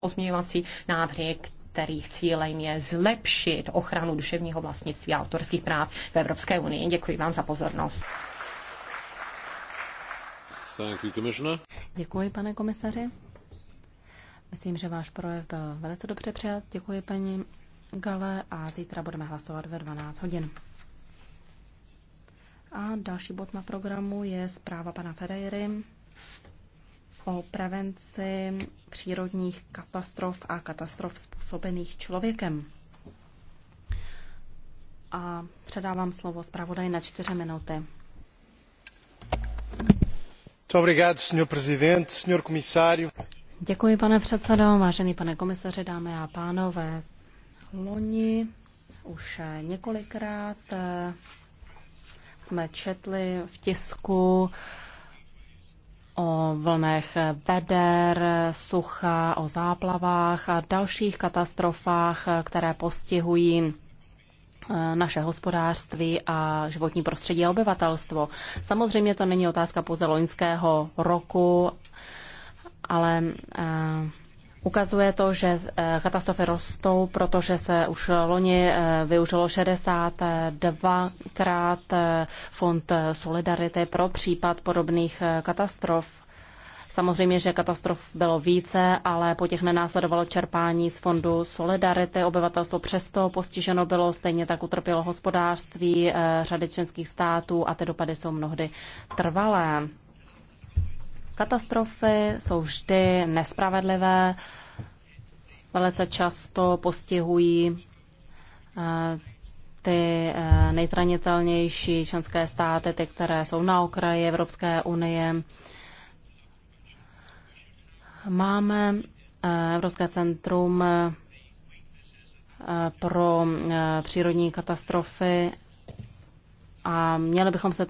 pozměňovací návrhy, kterých cílem je zlepšit ochranu duševního vlastnictví a autorských práv v Evropské unii. Děkuji vám za pozornost. You, Děkuji, pane komisaři. Myslím, že váš projev byl velice dobře přijat. Děkuji, paní Gale, a zítra budeme hlasovat ve 12 hodin. A další bod na programu je zpráva pana Ferreiry o prevenci přírodních katastrof a katastrof způsobených člověkem. A předávám slovo zpravodaj na čtyři minuty. Děkuji, pane předsedo, vážený pane komisaři, dámy a pánové. Loni už několikrát eh, jsme četli v tisku o vlnech veder, sucha, o záplavách a dalších katastrofách, které postihují eh, naše hospodářství a životní prostředí a obyvatelstvo. Samozřejmě to není otázka pouze loňského roku, ale eh, Ukazuje to, že eh, katastrofy rostou, protože se už loni eh, využilo 62krát eh, fond Solidarity pro případ podobných katastrof. Samozřejmě, že katastrof bylo více, ale po těch nenásledovalo čerpání z fondu Solidarity. Obyvatelstvo přesto postiženo bylo, stejně tak utrpělo hospodářství řady členských států a ty dopady jsou mnohdy trvalé. Katastrofy jsou vždy nespravedlivé, velice často postihují eh, ty eh, nejzranitelnější členské státy, ty, které jsou na okraji Evropské unie. Máme eh, Evropské centrum pro přírodní katastrofy a měli bychom se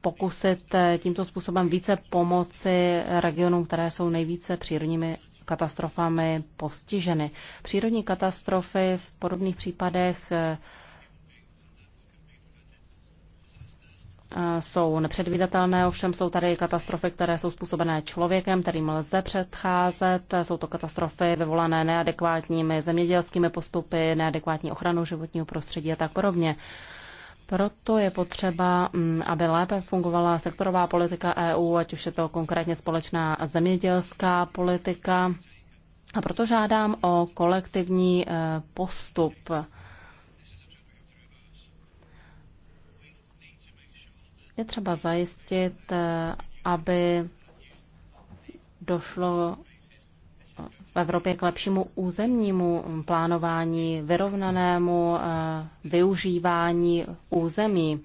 pokusit eh, tímto způsobem více pomoci regionům, které jsou nejvíce přírodními katastrofami postiženy. Přírodní katastrofy v podobných případech eh, eh, jsou nepředvídatelné, ovšem jsou tady katastrofy, které jsou způsobené člověkem, kterým lze předcházet. Jsou to katastrofy vyvolané neadekvátními zemědělskými postupy, neadekvátní ochranou životního prostředí a tak podobně. Proto je potřeba, mm, aby lépe fungovala sektorová politika EU, ať už je to konkrétně společná zemědělská politika. A proto žádám o kolektivní e, postup. Je třeba zajistit, e, aby došlo v Evropě k lepšímu územnímu plánování, vyrovnanému eh, využívání území.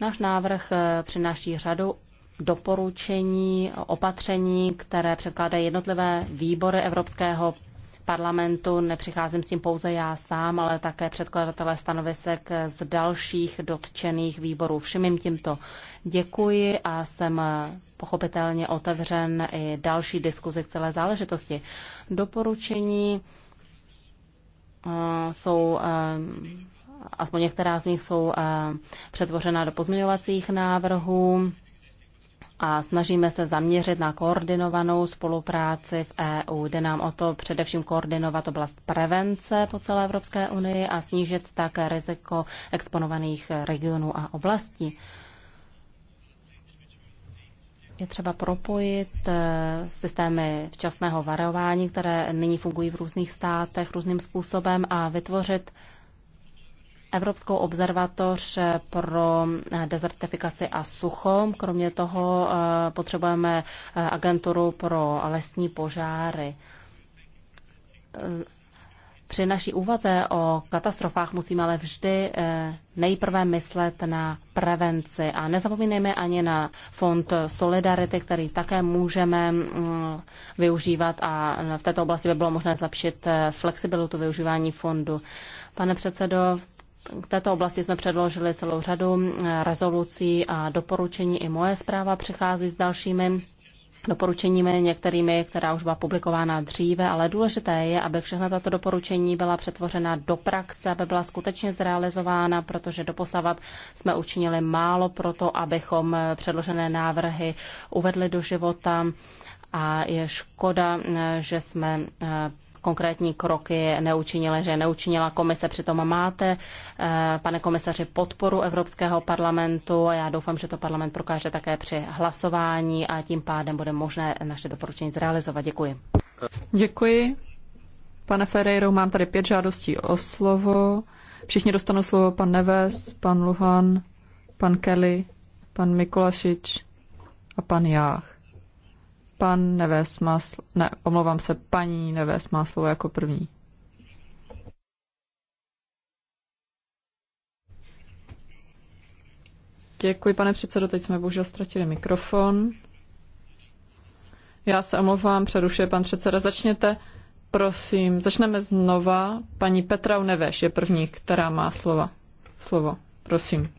Náš návrh eh, přináší řadu doporučení, opatření, které předkládají jednotlivé výbory Evropského parlamentu. Nepřicházím s tím pouze já sám, ale také předkladatelé stanovisek z dalších dotčených výborů. Všem jim tímto děkuji a jsem pochopitelně otevřen i další diskuzi k celé záležitosti. Doporučení eh, jsou eh, aspoň některá z nich jsou eh, přetvořena do pozměňovacích návrhů a snažíme se zaměřit na koordinovanou spolupráci v EU. Jde nám o to především koordinovat oblast prevence po celé Evropské unii a snížit také riziko exponovaných regionů a oblastí. Je třeba propojit eh, systémy včasného varování, které nyní fungují v různých státech různým způsobem a vytvořit Evropskou observatoř pro eh, dezertifikaci a sucho. Kromě toho eh, potřebujeme eh, agenturu pro lesní požáry. Při naší úvaze o katastrofách musíme ale vždy nejprve myslet na prevenci a nezapomínejme ani na fond Solidarity, který také můžeme mm, využívat a v této oblasti by bylo možné zlepšit flexibilitu využívání fondu. Pane předsedo, v v této oblasti jsme předložili celou řadu eh, rezolucí a doporučení. I moje zpráva přichází s dalšími doporučeními některými, která už byla publikována dříve, ale důležité je, aby všechna tato doporučení byla přetvořena do praxe, aby byla skutečně zrealizována, protože doposavat jsme učinili málo pro to, abychom eh, předložené návrhy uvedli do života a je škoda, eh, že jsme konkrétní kroky neučinila, že neučinila komise. Přitom máte, eh, pane komisaři, podporu Evropského parlamentu a já doufám, že to parlament prokáže také při hlasování a tím pádem bude možné naše doporučení zrealizovat. Děkuji. Děkuji. Pane Ferreiro, mám tady pět žádostí o slovo. Všichni dostanou slovo pan Neves, pan Luhan, pan Kelly, pan Mikolašič a pan Jách pan Neves má slovo, ne, omlouvám se, paní Neves má slovo jako první. Děkuji, pane předsedo, teď jsme bohužel ztratili mikrofon. Já se omlouvám, přerušuje pan předseda. Začněte, prosím, začneme znova. Paní Petra Neveš je první, která má slova. Slovo, prosím.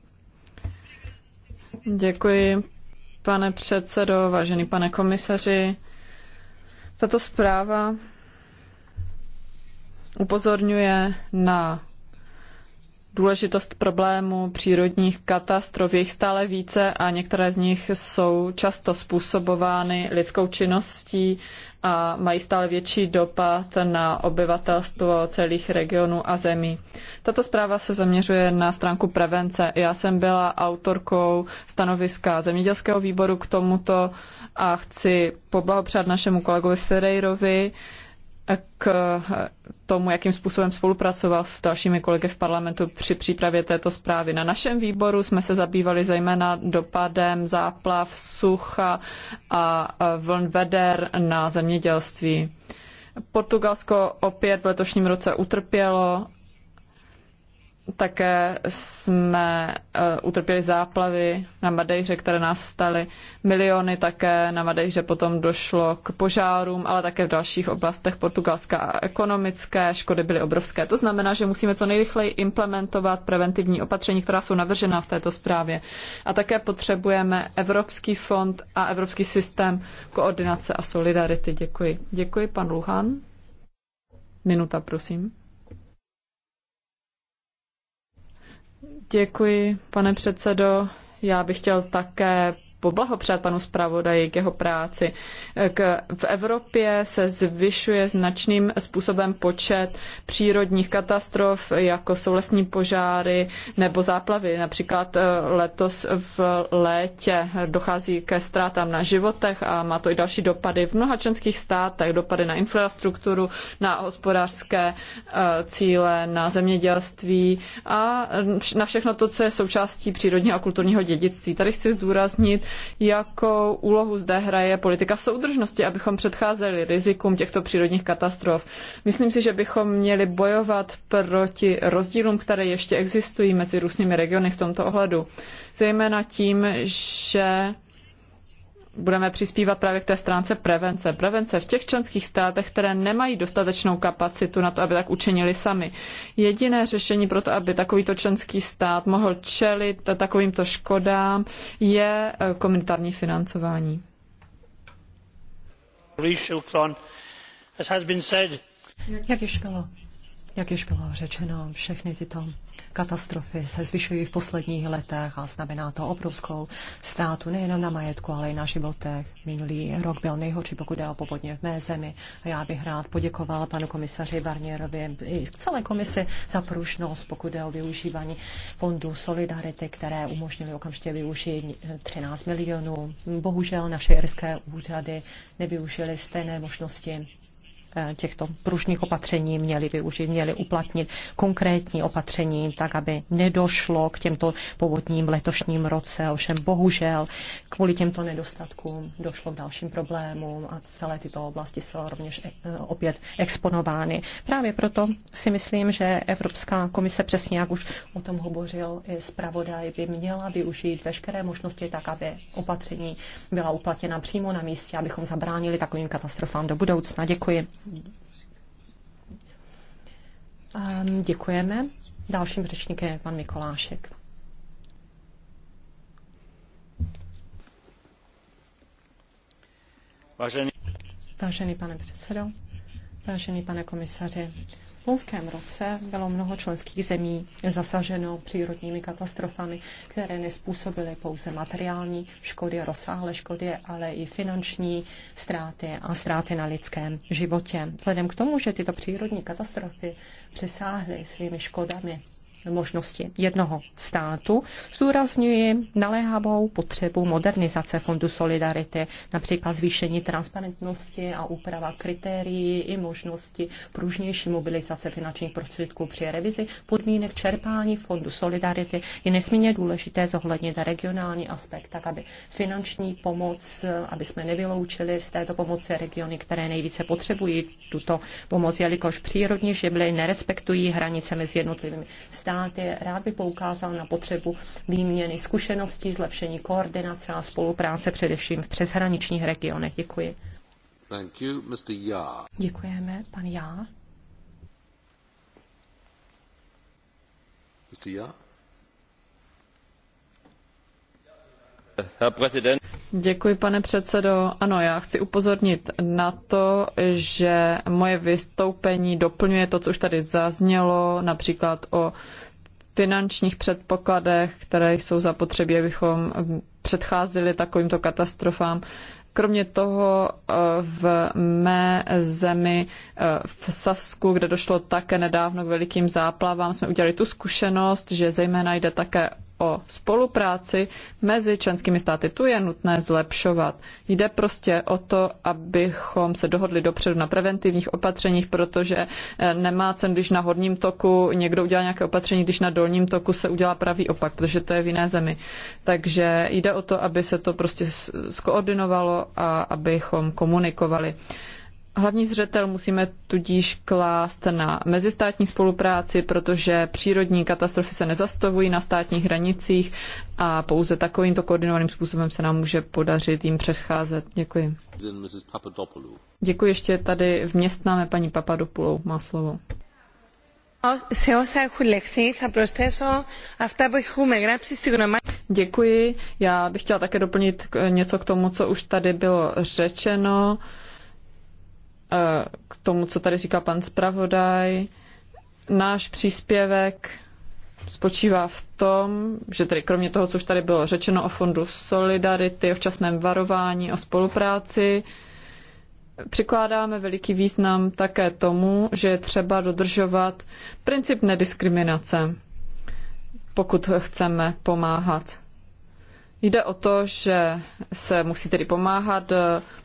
Děkuji, pane předsedo, vážený pane komisaři. Tato zpráva upozorňuje na důležitost problému přírodních katastrof. Je jich stále více a některé z nich jsou často způsobovány lidskou činností a mají stále větší dopad na obyvatelstvo celých regionů a zemí. Tato zpráva se zaměřuje na stránku prevence. Já jsem byla autorkou stanoviska zemědělského výboru k tomuto a chci poblahopřát našemu kolegovi Ferreirovi, k tomu, jakým způsobem spolupracoval s dalšími kolegy v parlamentu při přípravě této zprávy. Na našem výboru jsme se zabývali zejména dopadem záplav, sucha a vln veder na zemědělství. Portugalsko opět v letošním roce utrpělo také jsme e, utrpěli záplavy na Madejře, které nastaly miliony také. Na Madejře potom došlo k požárům, ale také v dalších oblastech Portugalska a ekonomické. Škody byly obrovské. To znamená, že musíme co nejrychleji implementovat preventivní opatření, která jsou navržena v této zprávě. A také potřebujeme Evropský fond a Evropský systém koordinace a solidarity. Děkuji. Děkuji, pan Luhan. Minuta, prosím. Děkuji, pane předsedo. Já bych chtěl také poblahopřát panu zpravodaji k jeho práci. K, v Evropě se zvyšuje značným způsobem počet přírodních katastrof, jako jsou lesní požáry nebo záplavy. Například eh, letos v létě dochází ke ztrátám na životech a má to i další dopady v mnoha členských státech, dopady na infrastrukturu, na hospodářské eh, cíle, na zemědělství a na všechno to, co je součástí přírodního a kulturního dědictví. Tady chci zdůraznit jakou úlohu zde hraje politika soudržnosti, abychom předcházeli rizikům těchto přírodních katastrof. Myslím si, že bychom měli bojovat proti rozdílům, které ještě existují mezi různými regiony v tomto ohledu. Zejména tím, že budeme přispívat právě k té stránce prevence. Prevence v těch členských státech, které nemají dostatečnou kapacitu na to, aby tak učinili sami. Jediné řešení pro to, aby takovýto členský stát mohl čelit takovýmto škodám, je eh, komunitární financování. Jak již bylo jak již bylo řečeno, všechny tyto katastrofy se zvyšují v posledních letech a znamená to obrovskou ztrátu nejenom na majetku, ale i na životech. Minulý rok byl nejhorší, pokud jde o povodně v mé zemi. A já bych rád poděkovala panu komisaři Barnierovi i celé komisi za pružnost, pokud jde o využívání fondu Solidarity, které umožnili okamžitě využít 13 milionů. Bohužel naše irské úřady nevyužily stejné možnosti Eh, těchto pružných opatření měli využít, měli uplatnit konkrétní opatření, tak aby nedošlo k těmto povodním letošním roce. Ovšem bohužel kvůli těmto nedostatkům došlo k dalším problémům a celé tyto oblasti jsou rovněž eh, opět exponovány. Právě proto si myslím, že Evropská komise přesně, jak už o tom hovořil i zpravodaj, by měla využít veškeré možnosti tak, aby opatření byla uplatněna přímo na místě, abychom zabránili takovým katastrofám do budoucna. Děkuji. Ehm, děkujeme. Dalším řečníkem je pan Mikolášek. Vážený, Vážený pane předsedo, Vážený pane komisaři, v loňském roce bylo mnoho členských zemí zasaženo přírodními katastrofami, které nespůsobily pouze materiální škody, rozsáhlé škody, ale i finanční ztráty a ztráty na lidském životě. Vzhledem k tomu, že tyto přírodní katastrofy přesáhly svými škodami možnosti jednoho státu, zdůrazňuji naléhavou potřebu modernizace Fondu Solidarity, například zvýšení transparentnosti a úprava kritérií i možnosti pružnější mobilizace finančních prostředků při revizi podmínek čerpání Fondu Solidarity je nesmírně důležité zohlednit regionální aspekt, tak aby finanční pomoc, aby jsme nevyloučili z této pomoci regiony, které nejvíce potřebují tuto pomoc, jelikož přírodní živly nerespektují hranice mezi jednotlivými státy je Rád by poukázal na potřebu výměny zkušeností, zlepšení koordinace a spolupráce především v přeshraničních regionech. Děkuji. Thank you, Mr. Ya. Děkujeme, pan Já. Mr. Ya? Děkuji, pane předsedo. Ano, já chci upozornit na to, že moje vystoupení doplňuje to, co už tady zaznělo, například o finančních předpokladech, které jsou zapotřebí, abychom předcházeli takovýmto katastrofám. Kromě toho eh, v mé zemi eh, v Sasku, kde došlo také nedávno k velikým záplavám, jsme udělali tu zkušenost, že zejména jde také o spolupráci mezi členskými státy. Tu je nutné zlepšovat. Jde prostě o to, abychom se dohodli dopředu na preventivních opatřeních, protože eh, nemá cen, když na horním toku někdo udělá nějaké opatření, když na dolním toku se udělá pravý opak, protože to je v jiné zemi. Takže jde o to, aby se to prostě skoordinovalo a abychom komunikovali. Hlavní zřetel musíme tudíž klást na mezistátní spolupráci, protože přírodní katastrofy se nezastavují na státních hranicích a pouze takovýmto koordinovaným způsobem se nám může podařit jim předcházet. Děkuji. Děkuji ještě tady v městnáme paní Papadopoulou. Má slovo. Σε όσα έχουν λεχθεί θα προσθέσω αυτά που έχουμε γράψει Děkuji. Já bych chtěla také doplnit něco k tomu, co už tady bylo řečeno, eh, k tomu, co tady říká pan zpravodaj. Náš příspěvek spočívá v tom, že tedy kromě toho, co už tady bylo řečeno o fondu Solidarity, o včasném varování, o spolupráci, přikládáme veliký význam také tomu, že je třeba dodržovat princip nediskriminace, pokud chceme pomáhat. Jde o to, že se musí tedy pomáhat eh,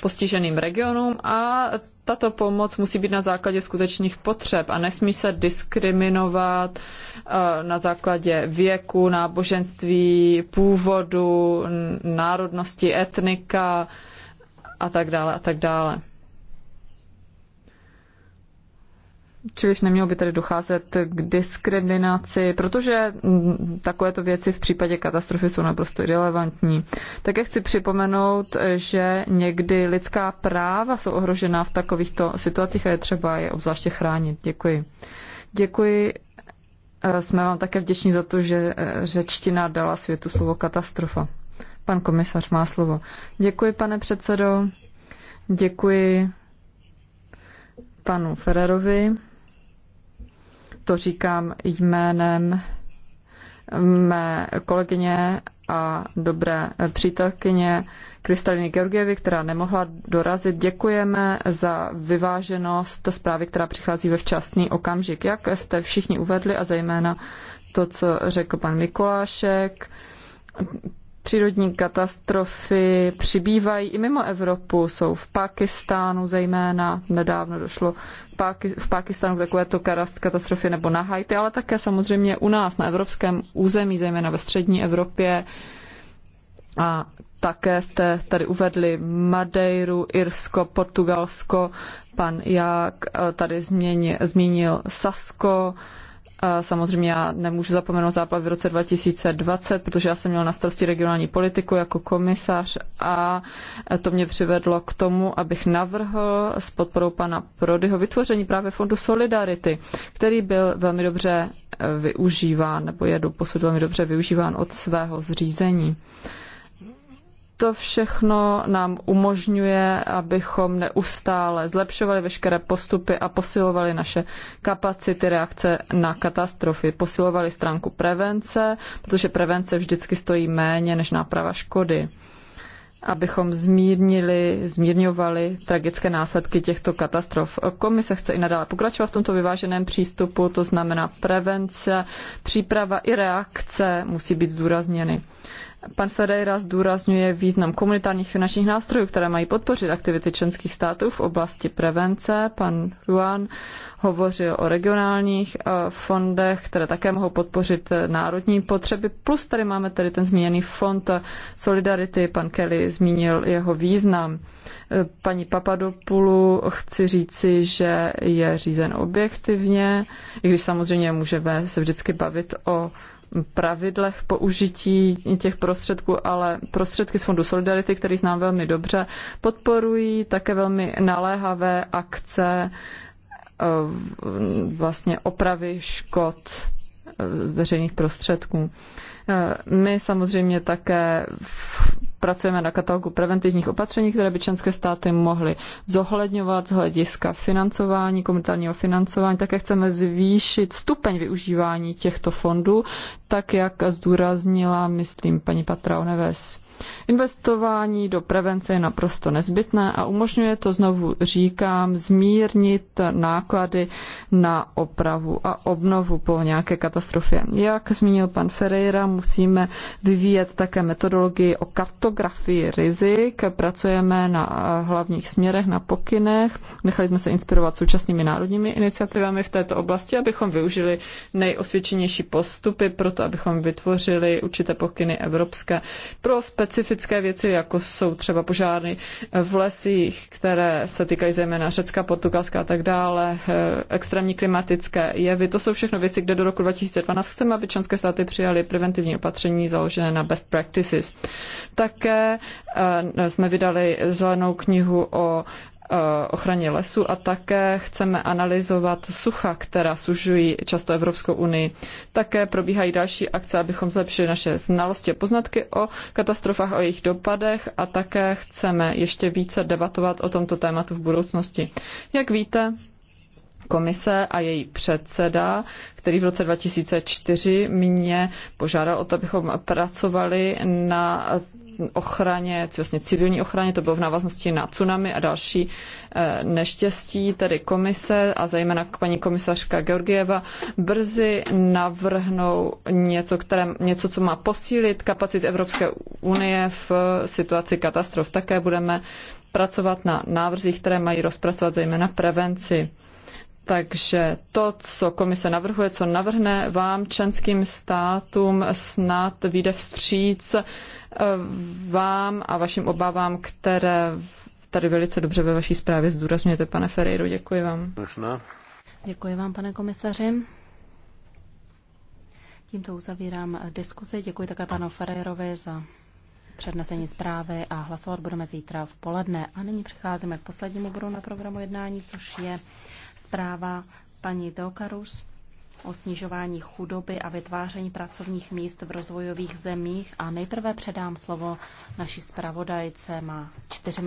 postiženým regionům a tato pomoc musí být na základě skutečných potřeb a nesmí se diskriminovat eh, na základě věku, náboženství, původu, národnosti, etnika a tak dále a tak dále. Čiliž nemělo by tady docházet k diskriminaci, protože takovéto věci v případě katastrofy jsou naprosto irrelevantní. Také chci připomenout, že někdy lidská práva jsou ohrožená v takovýchto situacích a je třeba je obzvláště chránit. Děkuji. Děkuji. Eh, jsme vám také vděční za to, že eh, řečtina dala světu slovo katastrofa. Pan komisař má slovo. Děkuji, pane předsedo. Děkuji panu Ferrerovi to říkám jménem mé kolegyně a dobré přítelkyně Kristaliny Georgievy, která nemohla dorazit. Děkujeme za vyváženost zprávy, která přichází ve včasný okamžik. Jak jste všichni uvedli a zejména to, co řekl pan Mikulášek, Přírodní katastrofy přibývají i mimo Evropu, jsou v Pakistánu zejména, nedávno došlo v Pakistánu k takovéto katastrofy nebo na Haiti, ale také samozřejmě u nás na evropském území, zejména ve střední Evropě. A také jste tady uvedli Madeiru, Irsko, Portugalsko, pan Jak eh, tady změnil, zmínil Sasko, Samozřejmě já nemůžu zapomenout záplavy v roce 2020, protože já jsem měl na starosti regionální politiku jako komisař a to mě přivedlo k tomu, abych navrhl s podporou pana Prodyho vytvoření právě fondu Solidarity, který byl velmi dobře eh, využíván, nebo je do posud velmi dobře využíván od svého zřízení to všechno nám umožňuje, abychom neustále zlepšovali veškeré postupy a posilovali naše kapacity reakce na katastrofy. Posilovali stránku prevence, protože prevence vždycky stojí méně než náprava škody abychom zmírnili, zmírňovali tragické následky těchto katastrof. Komise chce i nadále pokračovat v tomto vyváženém přístupu, to znamená prevence, příprava i reakce musí být zdůrazněny. Pan Ferreira zdůrazňuje význam komunitárních finančních nástrojů, které mají podpořit aktivity členských států v oblasti prevence. Pan Juan hovořil o regionálních eh, fondech, které také mohou podpořit eh, národní potřeby. Plus tady máme tedy ten zmíněný fond Solidarity. Pan Kelly zmínil jeho význam. Eh, paní Papadopoulu chci říci, že je řízen objektivně, i když samozřejmě můžeme se vždycky bavit o pravidlech použití těch prostředků, ale prostředky z Fondu Solidarity, který znám velmi dobře, podporují také velmi naléhavé akce eh, vlastně opravy škod eh, veřejných prostředků. Eh, my samozřejmě také pracujeme na katalogu preventivních opatření, které by členské státy mohly zohledňovat z hlediska financování, komunitárního financování. Také chceme zvýšit stupeň využívání těchto fondů, tak jak zdůraznila, myslím, paní Patra Oneves. Investování do prevence je naprosto nezbytné a umožňuje to, znovu říkám, zmírnit náklady na opravu a obnovu po nějaké katastrofě. Jak zmínil pan Ferreira, musíme vyvíjet také metodologii o kartografii rizik. Pracujeme na hlavních směrech, na pokynech. Nechali jsme se inspirovat současnými národními iniciativami v této oblasti, abychom využili nejosvědčenější postupy pro to, abychom vytvořili určité pokyny evropské pro speciální specifické věci, jako jsou třeba požáry v lesích, které se týkají zejména Řecka, Portugalska a tak dále, eh, extrémní klimatické jevy. To jsou všechno věci, kde do roku 2012 chceme, aby členské státy přijaly preventivní opatření založené na best practices. Také eh, jsme vydali zelenou knihu o Eh, ochraně lesu a také chceme analyzovat sucha, která sužují často Evropskou unii. Také probíhají další akce, abychom zlepšili naše znalosti a poznatky o katastrofách, o jejich dopadech a také chceme ještě více debatovat o tomto tématu v budoucnosti. Jak víte, komise a její předseda, který v roce 2004 mě požádal o to, abychom pracovali na ochraně, vlastně civilní ochraně, to bylo v návaznosti na tsunami a další eh, neštěstí, tedy komise a zejména paní komisařka Georgieva brzy navrhnou něco, které, něco, co má posílit kapacit Evropské unie v situaci katastrof. Také budeme pracovat na návrzích, které mají rozpracovat zejména prevenci. Takže to, co komise navrhuje, co navrhne vám, členským státům, snad vyjde vstříc eh, vám a vašim obavám, které tady velice dobře ve vaší zprávě zdůrazňujete, pane Ferreiro. Děkuji vám. Možná. Děkuji vám, pane komisaři. Tímto uzavírám diskuzi. Děkuji také panu Ferreirovi za přednesení zprávy a hlasovat budeme zítra v poledne. A nyní přicházíme k poslednímu bodu na programu jednání, což je Zpráva paní Deokarus o snižování chudoby a vytváření pracovních míst v rozvojových zemích. A nejprve předám slovo naší zpravodajce. Má čtyři minuty.